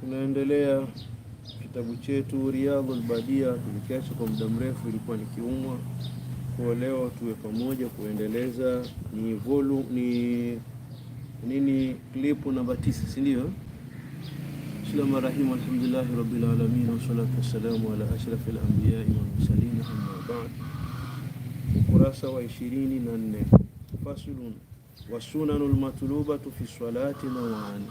Tunaendelea kitabu chetu Riyadhul Badia, tulikiacha kwa muda mrefu, ilikuwa nikiumwa. Kwa leo tuwe pamoja kuendeleza, ni volu ni nini, klipu namba tisa, si ndio? Bismillahir Rahmanir Rahim, alhamdulillahi rabbil alamin, wassalatu wassalamu ala ashrafil anbiya wal mursalin, amma ba'd. Ukurasa wa 24 faslun sunanul matlubatu fi salati nawani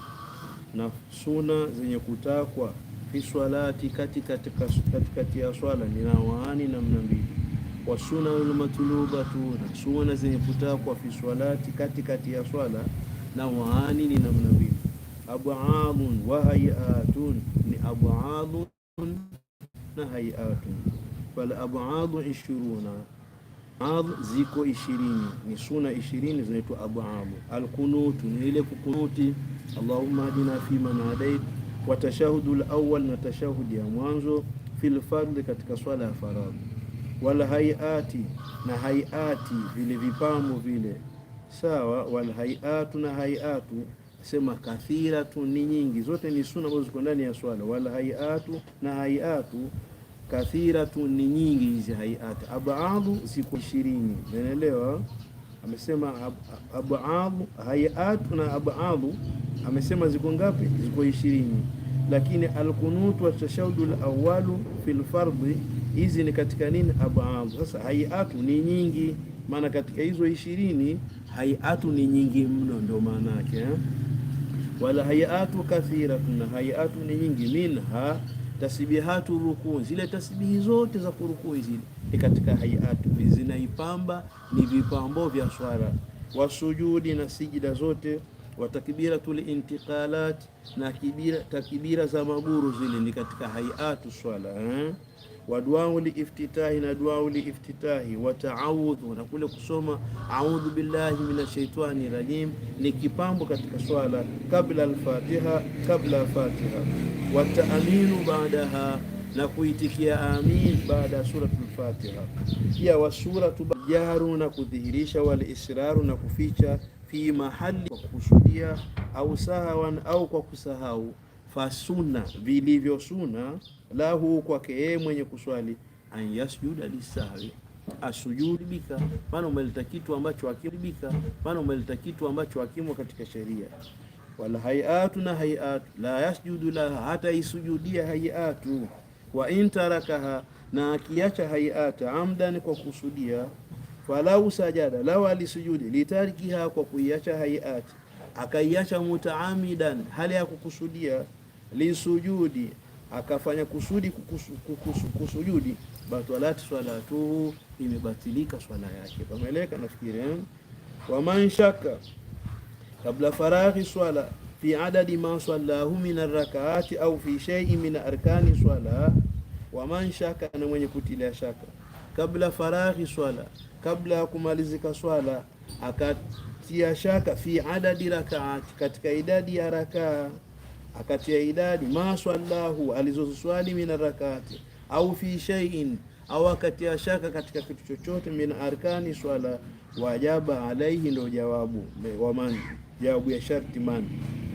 na suna zenye kutakwa fi swalati katikati katika ya swala ni nawaani namna mbili, wa suna tu, na suna zenye kutakwa fi swalati katikati ya swala nawaani ni namna mbili, ab'adun wa hay'atun, ni ab'adun na hay'atun. Fal ab'adu 20 Adh ziko ishirini ni suna ishirini zinaitwa adhamu. Alkunut ni ile kukunuti, Allahumma adina fi man hadait, wa tashahudu alawwal na tashahudi ya mwanzo, fil fardhi katika swala ya faradhi, wal hayati na hayati vile vipamo vile sawa, wal hayatu na hayatu sema kathira tu ni nyingi, zote ni suna ambazo ziko ndani ya swala, wal hayatu na hayatu kathiratu ni nyingi hizi hayati, abadu ziko ishirini. Naelewa Amesema abadu hayatu na abadu amesema ziko ngapi? Ziko ishirini. Lakini alqunut wa tashahhud alawalu fil fardhi, hizi ni katika nini? abadu Sasa haiatu ni nyingi, maana katika hizo ishirini haiatu ni nyingi mno, ndio maana yake. Eh? Wala hayatu kathiratu, na haiatu ni nyingi minha tasbihatu rukuu, zile tasbihi zote za kurukuu zile ni katika hayatu, zinaipamba ni vipambo vya swala. Wasujudi na sijida zote, watakbiratul intiqalat na kibira, takbira za maguru zile ni katika hayatu swala eh? wa duau liiftitahi na duau liiftitahi wa taawudhu, na kule kusoma audhu billahi minash shaitani rajim ni kipambo katika swala kabla alfatiha, kabla fatiha. Wa taaminu baadaha na kuitikia amin baada ya suratul Fatiha. Pia wasuratu jaru na kudhihirisha, walisraru na kuficha, fi mahali kwa kushudia au sahawan au kwa kusahau fasuna vilivyosuna lahu kwake yeye mwenye kuswali anyasjuda lisahwi asujudibika maana umeleta kitu ambacho hakiribika, maana umeleta kitu ambacho hakimo katika sheria. Wal hayatu na hayatu la yasjudu laha, hata isujudia hayatu. Wa intarakaha, na akiacha hayata amdan, kwa kusudia. Falau sajada, lau alisujudi litarikiha, kwa kuiacha hayat akaiacha mutaamidan, hali ya kukusudia lisujudi akafanya kusudi kusujudi, batalat salatuhu, imebatilika swala yake. Pameleka nafikiri eh? wa man shaka kabla faraghi swala fi adadi ma sallahu min arrakaati au fi shay'in min arkani swala. Wa man shaka, na mwenye kutilia shaka kabla faraghi swala, kabla ya kumalizika swala, akatia shaka fi adadi rakaati, katika idadi ya rakaa akati ya idadi ma alizoswali alizoziswali min rakati au fi shay'in au akatia ya shaka katika kitu chochote min arkani swala wajaba alaihi, ndo jawabu wa man, jawabu ya sharti man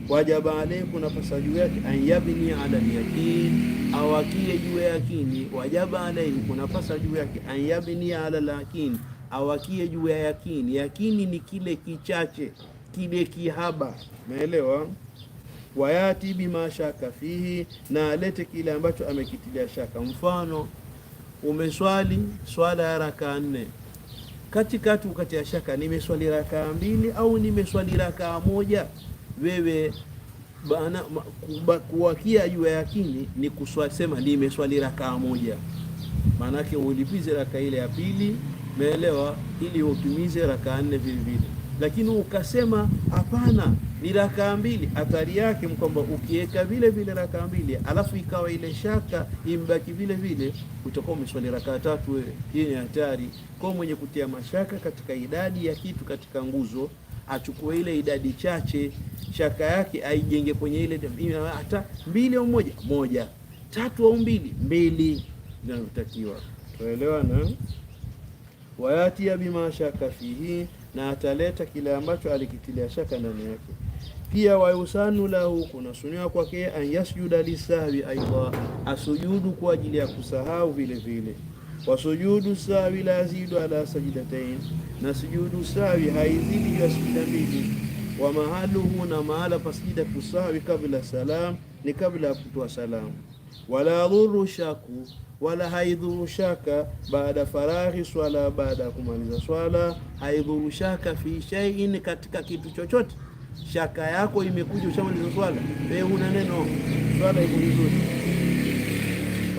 wajaba alaihi, kuna pasa juu yake an yabni ala yakin, au akie juu ya yakini. Wajaba alaihi, kuna pasa juu yake an yabni ala yakin, au akie juu ya yakini. Yakini ni kile kichache, kile kihaba, naelewa? wayati bima shaka fihi, na alete kile ambacho amekitilia shaka. Mfano, umeswali swala ya rakaa nne, katikati ukatia shaka, nimeswali rakaa mbili au nimeswali rakaa moja. Wewe bana kuwakia jua yakini ni kusema nimeswali rakaa moja, maanake ulipize rakaa ile ya pili, meelewa ili utumize rakaa nne vile lakini ukasema hapana, ni rakaa mbili. Athari yake ni kwamba ukiweka vile vile rakaa mbili alafu ikawa ile shaka imbaki vile vile, utakuwa umeswali rakaa tatu wewe. Hii ni hatari kwa mwenye kutia mashaka katika idadi ya kitu katika nguzo, achukue ile idadi chache, shaka yake aijenge kwenye ile hata mbili au moja moja, tatu au mbili mbili, inayotakiwa tuelewana, wayatia bima shaka fihi na ataleta kile ambacho alikitilia shaka ndani yake. Pia wayusanu lahu, kunasuniwa kwake an yasjuda lisahwi, aidha asujudu kwa ajili ya kusahau vile vile. Wasujudu sahwi la yazidu ala sajdatain, na sujudu sahwi haizidi ya sujda mbili. Wa mahaluhu, na mahala pasijida kusahwi kabla salam ni kabla ya kutoa salamu. Wala dhuru shaku wala haidhuru shaka baada faraghi swala, baada ya kumaliza swala, haidhuru shaka fi shay'in, katika kitu chochote. Shaka yako imekuja ushamaliza swala, wewe una neno swala iko vizuri.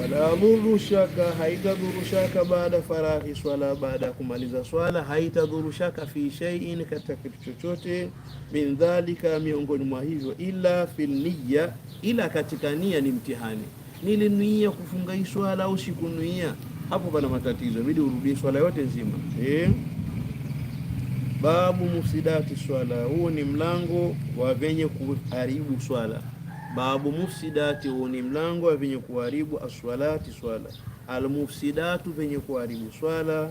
Wala dhuru shaka, haitadhuru shaka baada faraghi swala, baada ya kumaliza swala, haitadhuru shaka fi shay'in, katika kitu chochote. Min dhalika, miongoni mwa hivyo, ila fil niyya, ila katika nia ni mtihani nilinuia kufunga hii swala au sikunuia, hapo pana matatizo, bidi urudie swala yote nzima eh? Babu mufsidati swala, huo ni mlango wa venye kuharibu swala. Babu mufsidati, huo ni mlango wa venye kuharibu aswalati swala. Almufsidatu, venye kuharibu swala.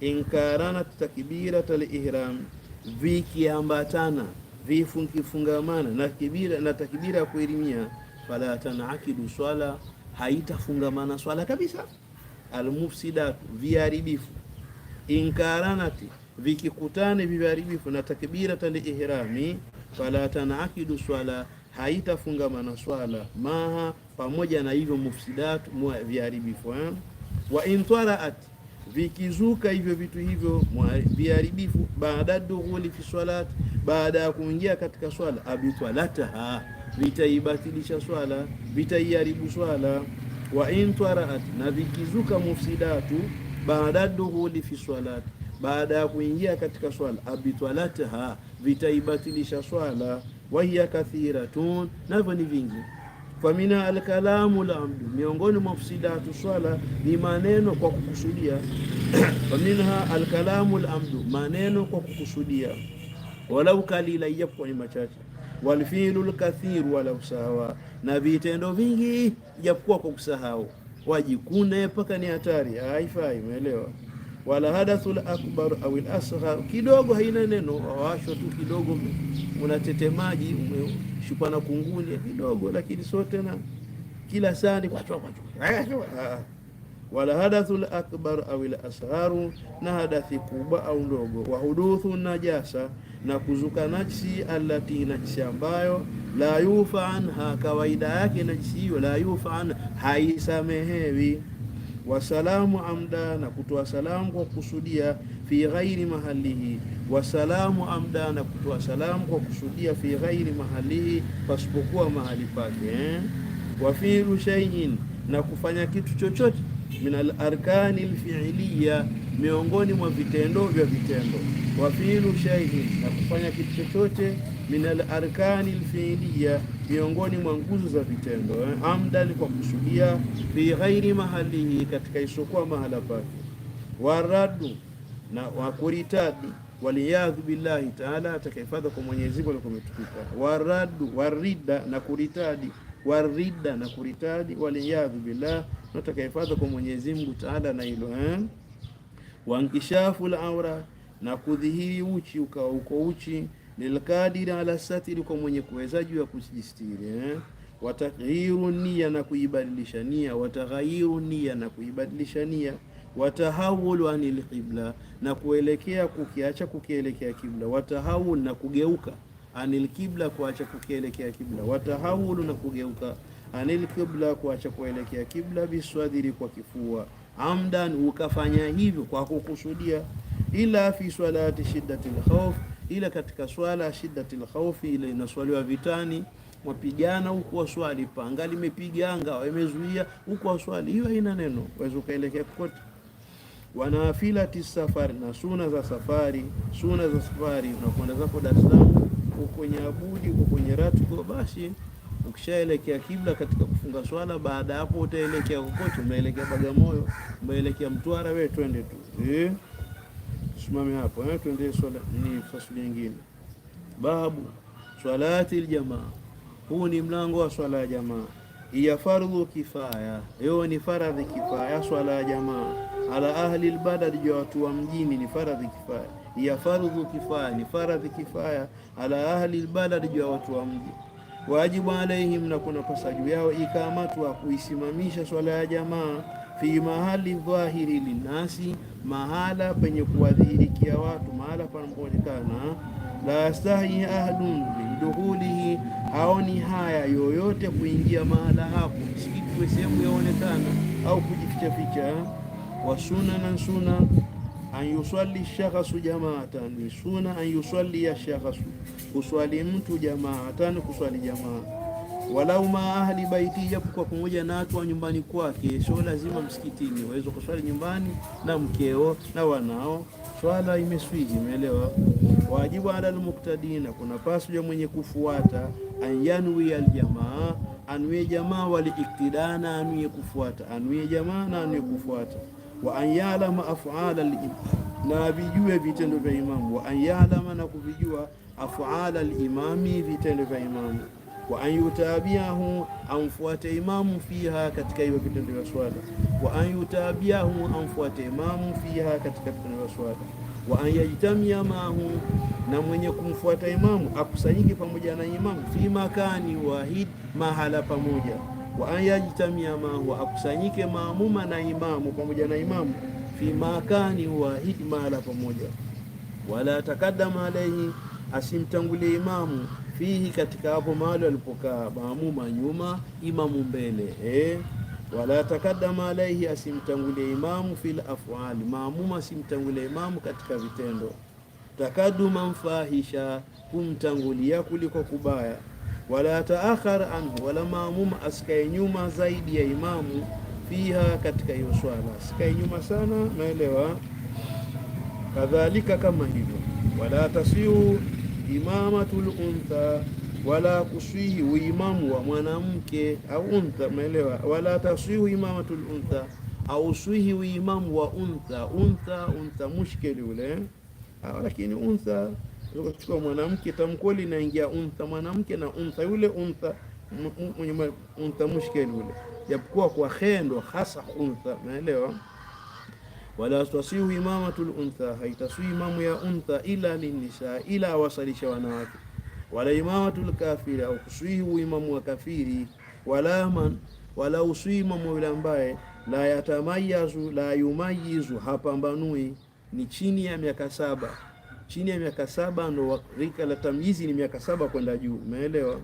Inkarana takbira tal ihram vikiambatana vifungifungamana na takbira ya kuirimia fala tanakidu swala, haitafungamana swala kabisa. Almufsidatu, viharibifu. Inkaranati, vikikutane viharibifu na takbirata liihrami, fala tanakidu swala, haitafungamana swala maha, pamoja na hivyo mufsidatu, viharibifu eh? wa intaraat vikizuka hivyo vitu hivyo viharibifu, baada dughuli fi swalat, baada ya kuingia katika swala abitwalataha vitaibatilisha swala, vitaiharibu swala. Wa in taraat, na vikizuka mufsidatu baada dukhuli fi swalat baada ya kuingia katika swala, abitwalatha, vitaibatilisha swala. wa hiya kathiratun, navyo ni vingi. Famina alkalamu lamdu, miongoni mwa mufsidatu swala ni maneno kwa kukusudia. Faminha alkalamu lamdu, maneno kwa kukusudia, walau kalila, ijapokuwa ni machache walfilu lkathiru wala usawa, na vitendo vingi japokuwa kwa kusahau wajikune mpaka ni hatari, haifai. Umeelewa? wala hadathu lakbar au lasghar kidogo haina neno, wawashwa tu kidogo, unatete maji, umeshukwa na kunguni kidogo, lakini sote na kila saa ni wala hadathul akbar au al na hadathi kubwa au ndogo. Wa huduthu najasa, na kuzuka najsi allati, najsi ambayo la yufa anha, kawaida yake najsi hiyo la yufa anha, haisamehewi. Wasalamu amda, na kutoa salamu kwa kusudia, fi ghairi mahalihi. Wasalamu amda, na kutoa salamu kwa kusudia, fi ghairi mahalihi, pasipokuwa mahali pake eh? Wafilu shay'in, na kufanya kitu chochote min alarkani alfiiliya, miongoni mwa vitendo vya vitendo. Wa fiilu shay'in, na kufanya kitu chochote. Min alarkani alfiiliya, miongoni mwa nguzo za vitendo. Amdan, kwa kusudia. Fi ghairi mahalihi, katika isokuwa mahala pake. Waradu, na wakuritadi waliyadhu billahi taala, atakahifadha kwa Mwenyezi Mungu alikumetukuka. Waradu, warida, na kuritadi warida na kuritadi, waliyadhu billah, natakayepata kwa Mwenyezi Mungu Taala na hilo eh, wankishafu la aura na kudhihiri uchi ukawa uko uchi, lilkadiri ala satiri, kwa mwenye kuweza juu ya kujistiri eh, wataghayiru nia na kuibadilisha nia, wataghayiru nia na kuibadilisha nia watahawulu anil qibla na kuelekea kukiacha kukielekea kibla, watahawul na kugeuka anil kibla, kuacha kukielekea kibla, watahawulu, na kugeuka anil kibla, kuacha kuelekea kibla, biswadhiri, kwa kifua, amdan, ukafanya hivyo kwa kukusudia, ila fi swalati shiddati khawf, ila katika swala shiddati khawf, ile inaswaliwa vitani mapigana huko waswali panga limepiganga wamezuia huko huku waswali, hiyo haina neno, waweza ukaelekea kokote. Wanafilati safari na suna za safari, suna za safari, unakwenda zako Dar es Salaam uko kwenye abudi, uko kwenye ratiba, basi ukishaelekea kibla katika kufunga swala, baada hapo utaelekea kokote. Umeelekea Bagamoyo, umeelekea Mtwara, we twende tu eh, simame hapo eh, twende swala. Ni fasuli nyingine, babu swalati aljamaa. Huu ni mlango wa swala ya jamaa, iya fardhu kifaya, hiyo ni faradhi kifaya. Swala ya jamaa ala ahli albadad, juu watu wa mjini ni faradhi kifaya ya fardhu kifaya, ni faradhi kifaya, ala ahli albalad, juu ya watu wa mji. Wajibu alaihim, na kunapasa juu yao ikamatu, kuisimamisha swala ya jamaa fi mahali dhahiri linasi, mahala penye kuwadhihirikia watu, mahala panapoonekana. La yastahi ahlun biduhulihi, haoni haya yoyote kuingia mahala hapo, msikiti sehemu yaonekana au kujifichaficha. Wa na suna an yusalli shakhsu jamaatan, ni sunna an yusalli ya shakhsu, kuswali mtu jamaatan, kuswali jamaa. Walau ma ahli baiti, japo kwa pamoja na watu wa nyumbani kwake, sio lazima msikitini, waweza kuswali nyumbani na mkeo na wanao, swala imeswiji. Umeelewa? Wajibu ala almuktadina, kuna pasu ya mwenye kufuata, an yanwi aljamaa, anwie jamaa wali iktidana, anwie kufuata, anwie jamaa na anwie kufuata wa an ya'lama af'ala al-imam, na vijue vitendo vya imamu. Wa an ya'lama, na kuvijua af'ala al-imami, vitendo vya imamu. Wa an yutabiahu, amfuate imamu fiha, katika hiyo vitendo vya swala. Wa an yutabiahu, amfuate imamu fiha, katika vitendo vya swala. Wa an yajtamia mahu, na mwenye kumfuata imamu akusanyiki pamoja na imamu, fi makani wahid, mahala pamoja wa ayajtamia mahu akusanyike maamuma na imamu pamoja na imamu fi makani hii mahala pamoja, wala takadama alaihi asimtangulie imamu fihi katika hapo mahali alipokaa maamuma nyuma, imamu mbele eh? wala takadama alaihi asimtangulie imamu fil afali, maamuma asimtangulie imamu katika vitendo. Takaduma mfahisha, kumtangulia kuliko kubaya wala taakhar anhu, wala maamum asikae nyuma zaidi ya imamu fiha, katika hiyo swala asikae nyuma sana, naelewa. Kadhalika kama hivyo, wala tasihu imamatul untha, wala kusihi uimamu wa mwanamke au untha, naelewa. Wala tasihu imamatul untha au swihi uimamu wa untha. Untha untha mushkeli ule, eh? lakini untha kuchukua mwanamke tamkweli inaingia untha mwanamke na untha yule untha mwenye untha mushkeli yule, japokuwa kwa khendo hasa untha, naelewa wala tasihu imamatul untha, haitasihu imamu ya untha ila linisa, ila wasalisha wanawake. Wala imamatul kafiri au kusihu imamu wa kafiri, wala man wala usihu imamu yule ambaye la yatamayazu la yumayizu, hapambanui ni chini ya miaka saba chini ya miaka saba ndo rika la tamyizi ni miaka saba kwenda juu, umeelewa?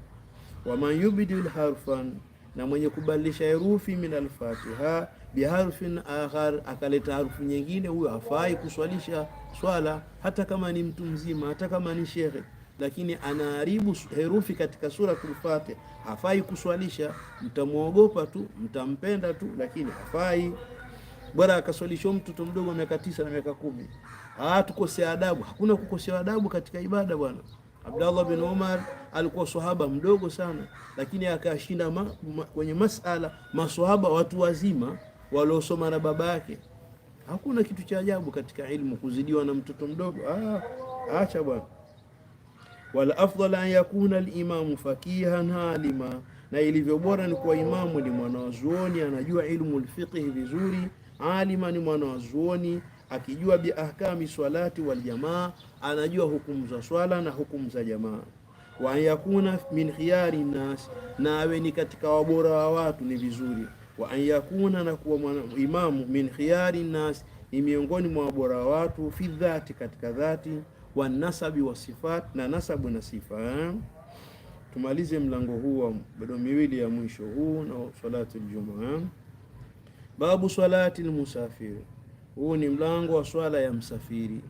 man yubdil harfan, na mwenye kubadilisha herufi min alfatiha biharfin akhar, akaleta harufu nyingine, huyo afai kuswalisha swala, hata kama ni mtu mzima, hata kama ni shekhe, lakini anaharibu herufi katika sura Fatiha, hafai kuswalisha. Mtamwogopa tu, mtampenda tu, lakini hafai. Bora akaswalishwa mtoto mdogo miaka tisa na miaka kumi. Ah, tukosea adabu? Hakuna kukosea adabu katika ibada bwana. Abdallah bin Umar alikuwa sahaba mdogo sana, lakini akashinda ma, ma, kwenye masala maswahaba watu wazima waliosoma na baba yake. Hakuna kitu cha ajabu katika ilmu kuzidiwa na mtoto mdogo. Ah, acha bwana. Wala afdal an yakuna al-imamu fakihan halima, na ilivyo bora ni kuwa imamu ni mwanazuoni anajua ilmu al-fiqh vizuri, alima ni mwanazuoni akijua bi ahkami swalati wal jamaa, anajua hukumu za swala na hukumu za jamaa. Wa yakuna min khiyari nas, na awe ni katika wabora wa watu ni vizuri. Wa anyakuna, na kuwa imamu min khiyari nas, ni miongoni mwa wabora wa watu, fi dhati, katika dhati, wa nasabi wa sifat, na nasabu na sifa eh? Tumalize mlango huu wa bado miwili ya mwisho huu na salatu aljumaa. Babu salati almusafiri huu ni mlango wa swala ya msafiri.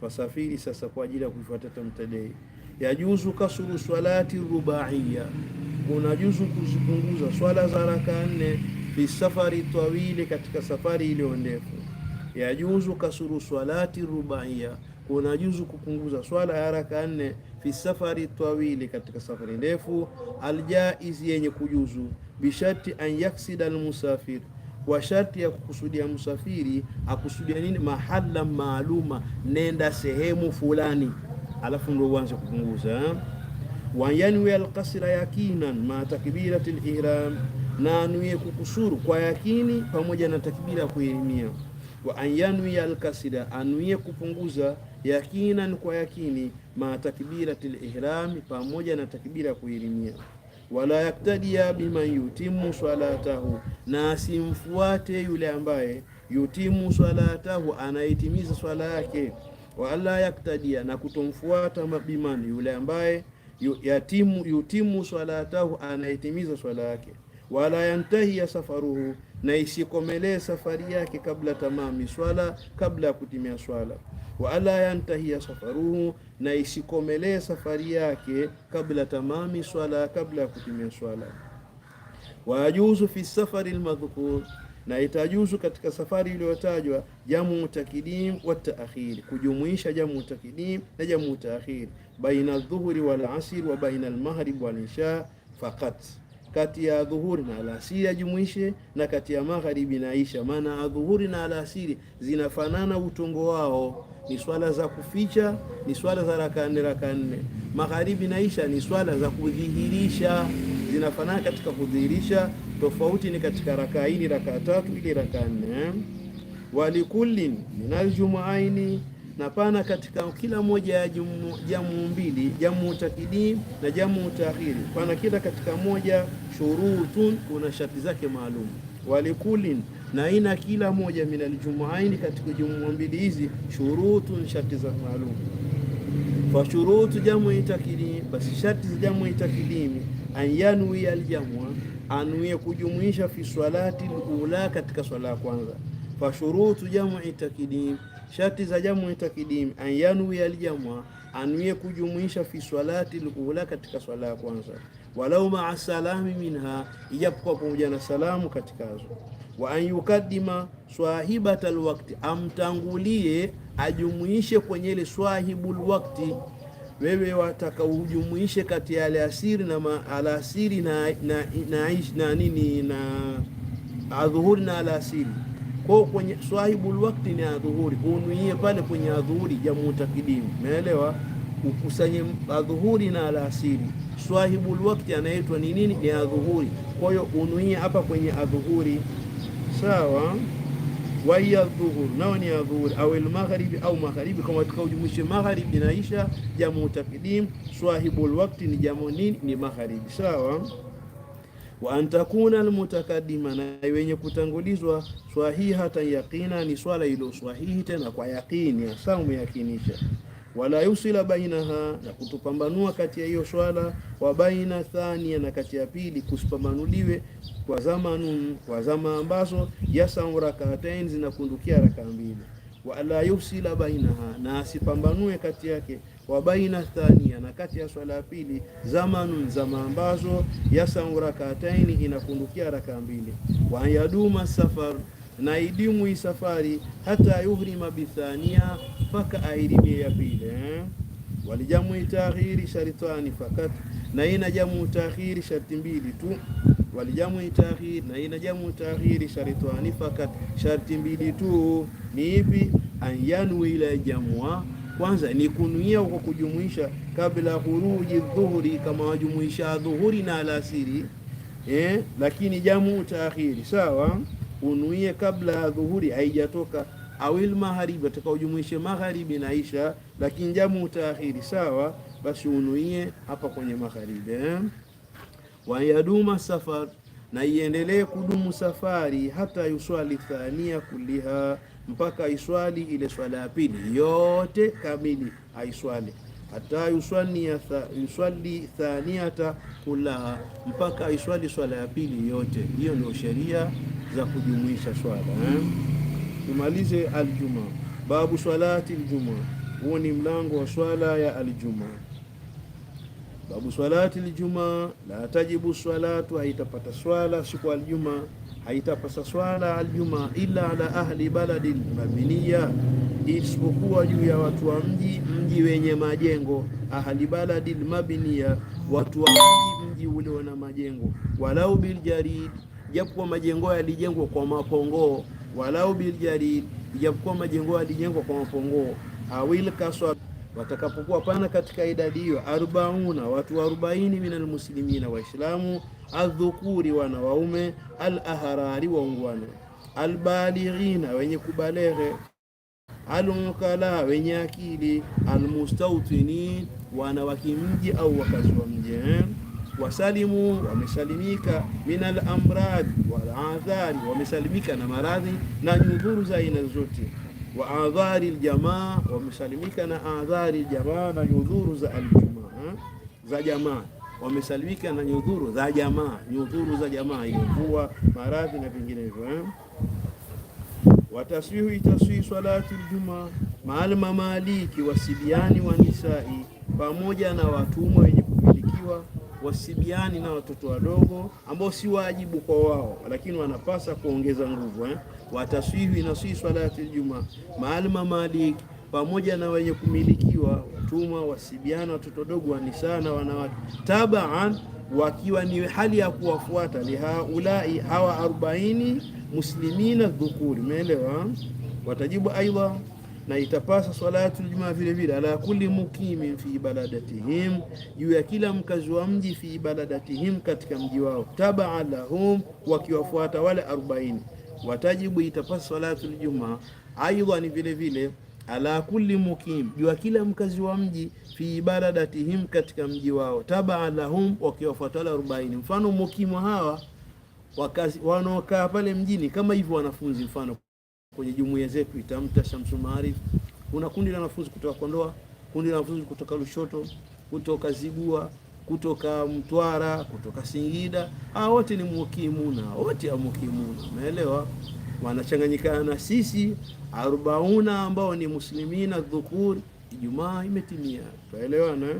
Twasafiri sasa kwa ajili ya kuifuata tamtadei. Yajuzu kasuru swalati rubaiya, unajuzu kuzipunguza swala za rakaa nne. safari tawili, katika safari iliyo ndefu. Yajuzu kasuru swalati rubaiya, unajuzu kupunguza swala ya rakaa nne. safari tawili, katika safari ndefu. Aljaiz, yenye kujuzu. Bishati an yaksida almusafir kwa sharti ya kukusudia msafiri akusudia nini? Mahala maaluma, nenda sehemu fulani, alafu ndio uanze kupunguza. Eh? Wayanwi alqasra yakinan ma takbirati alihram, na anuie kukusuru kwa yakini pamoja na takbira ya kuhirimia. Wa anyanwi alkasira, anuye kupunguza yakinan, kwa yakini ma takbirati alihram, pamoja na takbira ya kuhirimia wala yaktadia biman yutimu swalatahu, na asimfuate yule ambaye yutimu swalatahu, anaitimiza swala yake. Wala yaktadia, na kutomfuata biman, yule ambaye yatimu yutimu swalatahu, anaitimiza swala yake. Wala yantahi ya safaruhu, na isikomelee safari yake kabla tamami swala, kabla ya kutimia swala. Wala yantahi ya safaruhu na isikomelee safari yake kabla tamami swala, kabla ya kutimia swala. Wajuzu fi safari almadhkur, na itajuzu katika safari iliyotajwa jamu takdim wa taakhir, kujumuisha jamu takdim na jamu taakhir, baina adh wal asr wa baina almaghrib wal isha faqat kati ya dhuhuri na alasiri ajumuishe na kati ya magharibi na isha. Maana adhuhuri na alasiri zinafanana utungo wao ni swala za kuficha, ni swala za raka nne raka nne. Magharibi na isha ni swala za kudhihirisha, zinafanana katika kudhihirisha, tofauti ni katika rakaa ini rakaa tatu, ili rakaa nne. Walikullin min jumuaini, na pana katika kila moja ya jamu mbili, jamu takidi na jamu taakhiri, pana kila katika moja shurutun, kuna sharti zake maalum. Walikullin na aina kila moja minaljumuaini katika jumua mbili hizi shurutun sharti za maalum fa shurutu jamu itakilimi, basi sharti za jamu itakilimi anyanwi yanwi aljamua, anuie kujumuisha fi swalati alula, katika swala ya kwanza. Fa shurutu jamu itakilimi, sharti za jamu itakilimi anyanwi yanwi aljamua, anuie kujumuisha fi swalati alula, katika swala ya kwanza. Walau maa salami minha, ijapokuwa pamoja na salamu katikazo wa an yukadima swahibata lwakti amtangulie ajumuishe kwenye ile swahibu lwakti Wewe wataka ujumuishe kati ya alasiri na alasiri na na, na, na nini na adhuhuri na alasiri kwa kwenye swahibul wakti ni adhuhuri, unuie pale kwenye adhuhuri, ya takdimu, umeelewa? Ukusanye adhuhuri na alasiri. Swahibul wakti anaitwa ni nini? Ni adhuhuri. Kwa hiyo unuie hapa kwenye adhuhuri sawa wahiya dhuhur, nao ni adhuhuri, au almaghribi au magharibi, kama tukaujumuishe magharibi na isha, jamu takdim. Swahibul waqti ni jamu nini? Ni magharibi, sawa wa antakuna almutakadima, na wenye kutangulizwa, ta yaqina, ni swala ilo swahihi tena kwa yaqini, hasa umeyakinisha wala yusila bainaha, na kutupambanua kati ya hiyo swala, wa baina thania, na kati ya pili kusipambanuliwe kwa zamanun, kwa zama ambazo yasamu rakatain zinakundukia raka mbili, wala yusila bainaha, na asipambanue kati yake, wa baina thania, na kati ya swala ya pili, zamanun, zama ambazo yasamu rakatain inakundukia raka mbili, wa yaduma safar na idimu safari, hata yuhrima bithania, mpaka airimie ya pili eh? walijamu takhiri sharitani fakat, na ina jamu takhiri sharti mbili tu. Walijamu takhiri, na ina jamu takhiri sharitani fakat, sharti mbili tu. Ni ipi? Anyanu ila jamua kwanza ni kunuia kwa kujumuisha kabla huruji dhuhuri, kama wajumuisha dhuhuri na alasiri eh, lakini jamu taakhiri sawa, unuie kabla dhuhuri haijatoka, awil magharibi, atakaojumuisha magharibi na isha lakini jamu utaakhiri sawa, basi unuie hapa kwenye magharibi eh? wayaduma safar na iendelee kudumu safari, hata yuswali thania kuliha, mpaka iswali ile swala ya pili yote kamili, aiswali hata yuswali thaniata kulaha mpaka aiswali swala ya pili yote. Hiyo ndio sheria za kujumuisha swala eh? Tumalize aljuma, babu swalati aljuma huo ni mlango wa swala ya aljumaa. Babu swalati aljumaa la tajibu swalatu, haitapata swala siku aljumaa, haitapasa swala aljumaa ila ala ahli baladin mabniya, isipokuwa juu ya watu wa mji, mji wenye majengo. Ahli baladil mabniya, watu wa mji, mji ule na majengo. Walau biljarid, japokuwa majengo yalijengwa kwa mapongoo. Walau biljarid, japokuwa majengo yalijengwa kwa mapongoo awil kaswa watakapokuwa pana katika idadi hiyo arbauna watu arobaini minal muslimina Waislamu, adhukuri wana waume, al ahrari waungwana, albalighina wenye kubalere alunkala wenye akili, almustautinin wana wakimji au wakazi wa mji, eh? wasalimu wamesalimika, min al amrad wal wamesalimika na maradhi na nyudhuru za aina zote wa adhari aljamaa, wamesalimika na adhari aljamaa na nyudhuru za aljamaa za jamaa, wamesalimika na nyudhuru za jamaa, nyudhuru za jamaa, ile mvua, maradhi na vinginevyo eh? wataswihi taswihi salati aljuma maal mamaliki wasibiani wa nisai, pamoja na watumwa wenye kumilikiwa wasibiani na watoto wadogo ambao si wajibu kwa wao, lakini wanapasa kuongeza nguvu eh? wataswihi nasii swalati ljuma maalma malik pamoja na wenye kumilikiwa watumwa wasibiana watoto wadogo wanisa na wanawake tabaan wakiwa ni hali ya kuwafuata lihaulai hawa arobaini muslimina dhukuri. Umeelewa? Eh? watajibu aidha na itapasa salatu ljumaa vile vile ala kulli mukimin fi baladatihim, juu ya kila mkazi wa mji, fi baladatihim, katika mji wao, tabaa lahum, wakiwafuata wale 40 Watajibu itapasa salatu ljumaa aidha ni vile vile ala kulli mukim, juu ya kila mkazi wa mji, fi baladatihim, katika mji wao, tabaa lahum, wakiwafuata wale 40 Mfano mukimu hawa wanaokaa pale mjini kama hivyo wanafunzi mfano kwenye jumuiya zetu Itamta, Shamsu Maarif, kuna kundi la wanafunzi kutoka Kondoa, kundi la wanafunzi kutoka Lushoto, kutoka Zigua, kutoka Mtwara, kutoka Singida. Hawa wote ni na wote amuokimuna, umeelewa? Wanachanganyikana sisi arobauna ambao ni muslimina dhukuri. Ijumaa imetimia, tuelewana. Eh?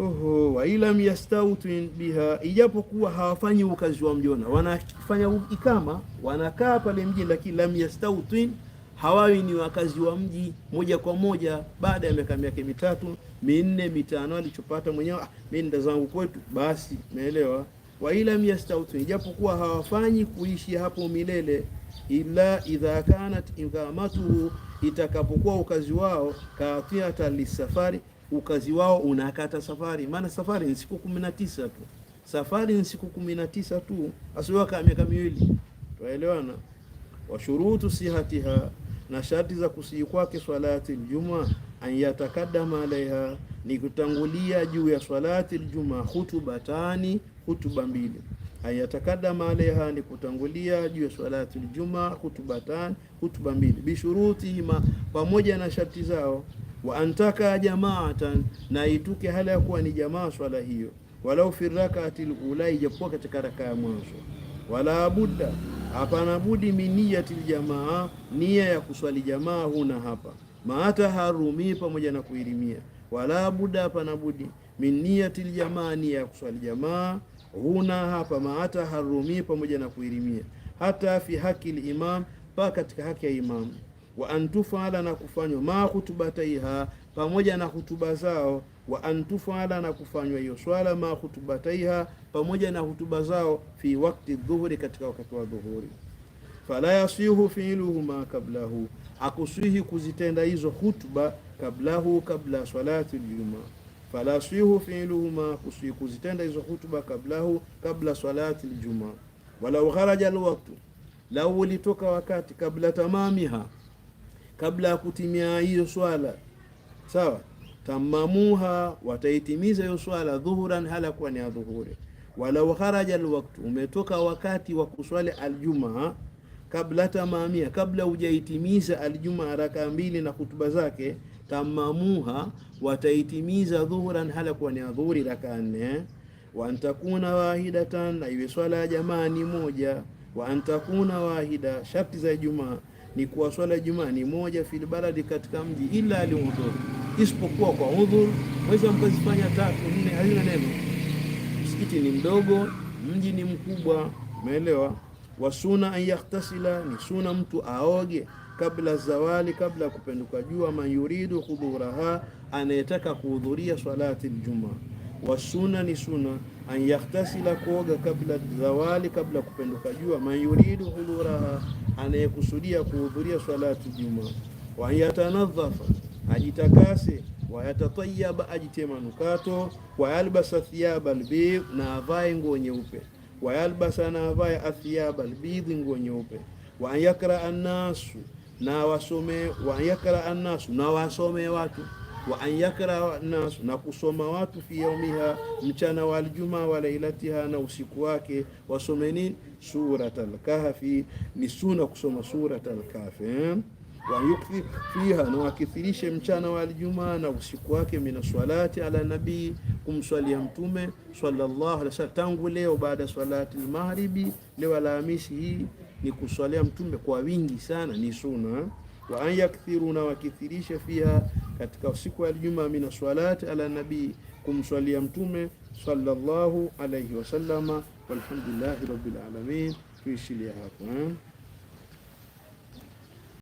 Oho, wa ilam yastautin biha, ijapokuwa hawafanyi ukazi wa mjona, wanafanya ikama, wanakaa pale mji, lakini lam yastautin, hawawi ni wakazi wa mji moja kwa moja. Baada ya miaka miaka mitatu minne mitano alichopata mwenyewe, ah, mimi nenda zangu kwetu, basi umeelewa. Wa ilam yastautin, ijapokuwa hawafanyi kuishi hapo milele, ila idha kanat ikamatuhu, itakapokuwa ukazi wao kaatiata lisafari ukazi wao unakata safari, maana safari ni siku kumi na tisa tu, safari ni siku kumi na tisa tu, asiwaka miaka miwili. Twaelewana? wa shurutu sihatiha, na sharti za kusii kwake swalati aljuma, an yatakadama alaiha, ni kutangulia juu ya swalati aljuma tani, hutuba mbili ayatakadama alaiha ni kutangulia juu ya swalatul hutuba tani hutuba mbili. Bishurutihima, pamoja na sharti zao wa antaka jamaatan, na ituke hala ya kuwa ni jamaa swala hiyo, walau fi rak'ati al ijapokuwa katika raka ya mwanzo. Wala budda, hapana budi, min niyati nia ya kuswali jamaa huna hapa, maata harumi, pamoja na kuirimia. Wala budda, hapana budi, min niyati nia ya kuswali jamaa huna hapa, maata harumi, pamoja na kuirimia, hata fi haki imam pa katika haki ya imamu wa antufala na kufanywa ma hutubataiha pamoja na hutuba zao, wa antufala na kufanywa hiyo swala ma hutubataiha pamoja na hutuba zao, fi wakti dhuhuri, katika wakati wa dhuhuri. Fala yasihu fiiluhu ma kablahu, akuswihi kuzitenda hizo hutuba kablahu, kabla salati ljuma. Fala yasihu fiiluhu ma akuswihi kuzitenda hizo hutuba kablahu, kabla salati ljuma. Walau kharaja alwaktu, lau ulitoka wakati kabla tamamiha kabla ya kutimia hiyo swala sawa, tamamuha, wataitimiza hiyo swala dhuhuran, hala kuwa ni adhuhuri. Walau kharaja alwaktu, umetoka wakati wa kuswali aljumaa kabla tamamia, kabla hujaitimiza aljumaa raka mbili na hutuba zake, tamamuha, wataitimiza dhuhuran, hala kuwa ni adhuhuri, raka nne. Wa antakuna wahidatan, na iwe swala ya jamaa ni moja. Wa antakuna wahida, sharti za Ijumaa ni kuwa swala Jumaa ni moja fil baladi, katika mji, ila aliudhur, isipokuwa kwa udhur. Mweza mkazifanya tatu nne, hazina neno. Msikiti ni mdogo, mji ni mkubwa, umeelewa? Wa suna an yaktasila, ni suna mtu aoge kabla zawali, kabla ya kupenduka jua. Man yuridu hudhuraha, anayetaka kuhudhuria swalati ljumaa. Wa suna ni suna an yaktasila, kuoga kabla zawali, kabla kupenduka jua. Man yuridu huluraha, anayekusudia kuhudhuria salatu juma. Wa yatanadhafa, ajitakase. Wa yatatayaba, ajite manukato. Wa yalbasa thiyaba albid, na avae nguo nyeupe. Wa yalbasa, na avae athiyaba albid, nguo nyeupe. Wa yakra annasu, na wasome. Wa yakra annasu, na wasome watu wa an yakra nas, na kusoma watu fi yaumiha, mchana wa aljuma wa lailatiha, na usiku wake wasome nini? Surat alkahfi, ni suna kusoma Surat alkahfi eh? wa wayukthir fiha, na wakithirishe mchana wa aljuma na usiku wake, mina salati ala nabii, kumswalia Mtume sallallahu alaihi wasallam. Tangu leo baada ya salati almaghribi, leo Alhamisi hii ni kuswalia Mtume kwa wingi sana, ni sunna eh? wa an yakthiru, na wakithirishe, fiha, katika siku ya Ijumaa, mina salati ala nabii, kumswalia Mtume sallallahu alayhi wasallama. Walhamdulillahi rabbil alamin. Tuishilia hapo eh?